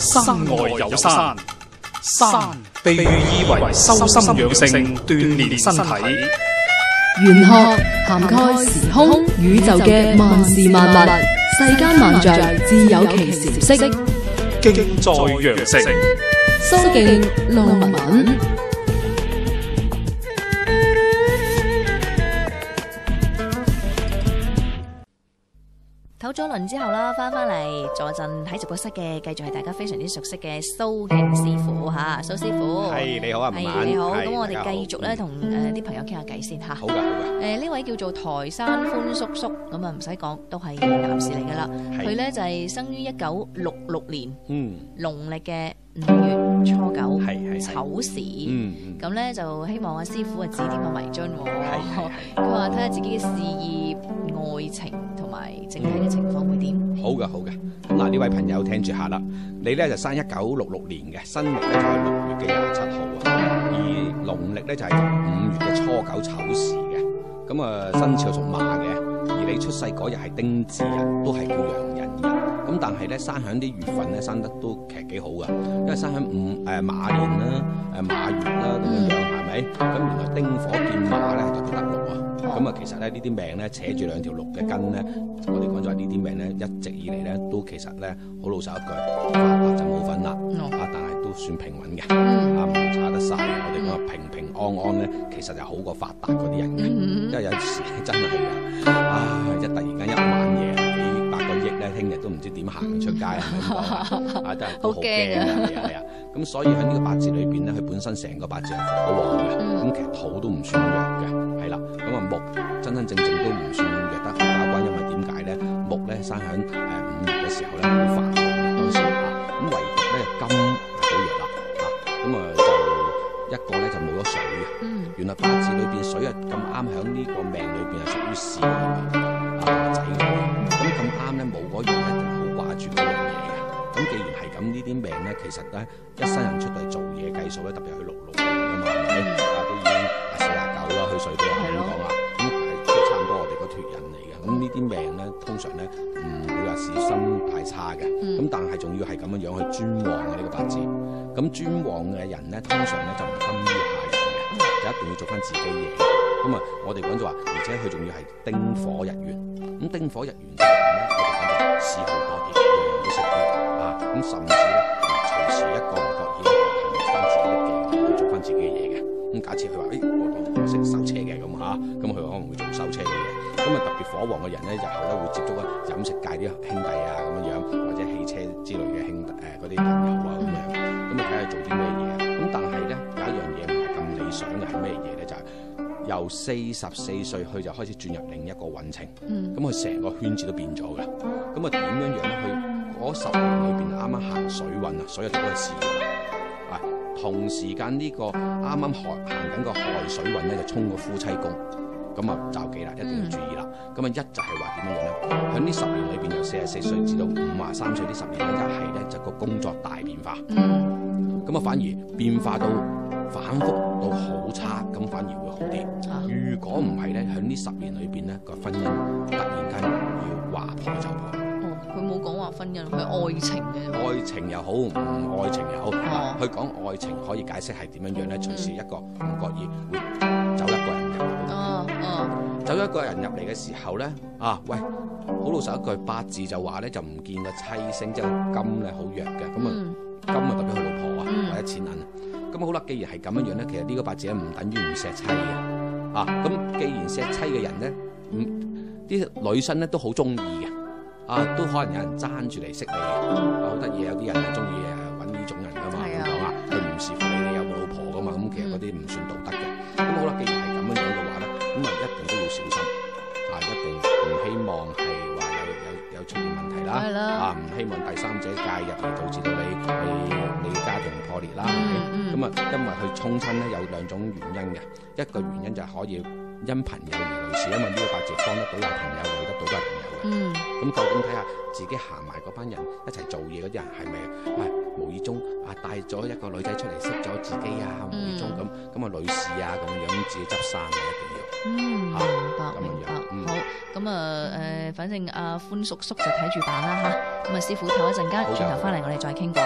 山外有山，山被寓意為修心養性、鍛煉身體。玄學涵蓋時空宇宙嘅萬事萬物，世間萬象自有其時式。敬在羊城，蘇敬龍文。唞咗輪之後啦，翻翻嚟坐陣喺直播室嘅，繼續係大家非常之熟悉嘅蘇敬師傅吓，蘇師傅。係你好啊，係你好，咁我哋繼續咧同誒啲朋友傾下偈先吓。好嘅，好噶、呃。誒呢位叫做台山歡叔叔，咁啊唔使講都係男士嚟噶啦。佢咧是就係、是、生於一九六六年，嗯，農曆嘅。五月初九丑時，咁咧係、嗯、就希望阿師傅啊指點個迷津。佢話睇下自己嘅事業、哦、愛情同埋整體嘅情況會點。好嘅，好嘅。嗱，呢位朋友聽住下啦。你咧就生一九六六年嘅，新曆咧就係、是、六月嘅廿七號啊。而農曆咧就係、是、五月嘅初九丑時嘅。咁啊，生、呃、肖屬馬嘅，而你出世嗰日係丁子日，都係叫羊人。咁但係咧，生喺啲月份咧，生得都其實幾好噶，因為生喺五誒、呃、馬年啦、啊、誒馬月啦咁嘅樣，係咪？咁原來丁火見馬咧特別得祿啊！咁啊、嗯，嗯嗯、其實咧呢啲命咧扯住兩條祿嘅根咧，我哋講咗，呢啲命咧一直以嚟咧都其實咧好老實一句，發達就冇份啦，啊，但係都算平穩嘅，啊唔差得晒，我哋講平平安安咧，其實就好過發達嗰啲人嘅，嗯、因為有時真係啊，一突然間一晚夜。疫咧，聽日都唔知點行出街，係咪啊？真係好驚，係啊、 嗯。咁、嗯、 所以喺呢個八字裏邊咧，佢本身成個八字係火旺嘅，咁、嗯、其實土都唔算弱嘅，係啦。咁啊木真真正正都唔算弱得交關，因為點解咧？木咧生喺誒五月嘅時候咧好繁榮嘅，當時啊。咁唯獨咧金好弱啦，吓咁啊、嗯嗯嗯、就一個咧就冇咗水啊。原來八字裏邊水啊咁啱喺呢個命裏邊係屬於少冇嗰樣一定好掛住嗰樣嘢嘅，咁既然係咁，呢啲命咧其實咧，一生人出到去做嘢計數咧，特別去勞碌嘅嘛，而、嗯、家都已經四廿九啦，去水到係咁講啊，咁係差唔多我哋個脫人嚟嘅。咁呢啲命咧，通常咧唔會話是心太差嘅，咁、嗯、但係仲要係咁樣樣去專旺嘅呢個八字。咁、嗯、專旺嘅人咧，通常咧就唔甘於下人嘅，就一定要做翻自己嘢。咁、嗯、啊，我哋講就話，而且佢仲要係丁火日元。咁、嗯、丁火日元就係咩咧？思考 多啲，樣樣都識啲啊！咁甚至咧，隨時一個唔覺意，做翻自己嘅嘢嘅。咁 假設佢話誒，我識修車嘅咁吓，咁佢可能會做修車嘅嘢。咁、嗯、啊，特別火旺嘅人咧，就後咧會接觸啊飲食界啲兄弟啊咁樣，或者汽車之類嘅兄弟誒嗰啲朋友啊咁樣。咁你睇下做啲咩嘢。咁但係咧有一樣嘢唔係咁理想嘅係咩嘢咧？就係、是、由四十四歲，佢就開始轉入另一個運程。咁佢成個圈子都變咗㗎。咁啊，點、嗯、樣樣咧？去嗰十年裏邊，啱啱行水運啊，所以就都係事業啊。同時間呢個啱啱害行緊個害水運咧，就沖個夫妻宮。咁啊，就記啦，一定要注意啦。咁啊，嗯、一就係話點樣樣咧？喺呢十年裏邊，由四十四歲至到五啊三歲呢十年咧，一係咧就個、就是、工作大變化。咁啊、嗯，反而變化到反覆到好差，咁反而會好啲。如果唔係咧，喺呢十年裏邊咧，個婚姻突然間要話破就破。佢冇講話婚姻，佢係愛情嘅。愛情又好，唔愛情又好，佢、啊啊、講愛情可以解釋係點樣樣咧？隨時一個唔覺意會走一個人。嘅、啊。走咗一個人入嚟嘅時候咧，啊喂，好老實一句八字就話咧，就唔見個妻星即係、就是、金咧，好弱嘅。咁啊、嗯，金啊代表佢老婆啊、嗯、或者錢銀啊。咁好啦，既然係咁樣樣咧，其實呢個八字唔等於唔錫妻嘅。嗯、啊，咁既然錫妻嘅人咧，嗯，啲女生咧都好中意嘅。嗯嗯嗯嗯嗯嗯啊，都可能有人爭住嚟識你嘅，啊好得意，有啲人係中意誒揾呢種人噶、嗯、嘛，咁講啊，佢唔視乎你你有冇老婆噶嘛，咁其實嗰啲唔算道德嘅。咁好啦，嗯嗯嗯嗯、既然係咁樣樣嘅話咧，咁啊一定都要小心，啊一定唔希望係話有有有出現問題啦，啊唔、嗯、希望第三者介入而導致到你你你，你家庭破裂啦，咁啊、嗯嗯、因為佢沖親咧有兩種原因嘅，一個原因就係可以。因朋友而類似，因為呢個八字幫得到有朋友，累得到都係朋友嘅。嗯。咁究竟睇下自己行埋嗰班人一齊做嘢嗰啲人係咪？唔係無意中啊帶咗一個女仔出嚟識咗自己啊，無意中咁咁啊女士啊咁樣自己執生嘅一定要。嗯。嚇。啊，明白。樣、嗯、好。咁啊誒，反正阿、啊、寬叔叔就睇住辦啦嚇。咁啊師傅唞一陣間，轉頭翻嚟我哋再傾過。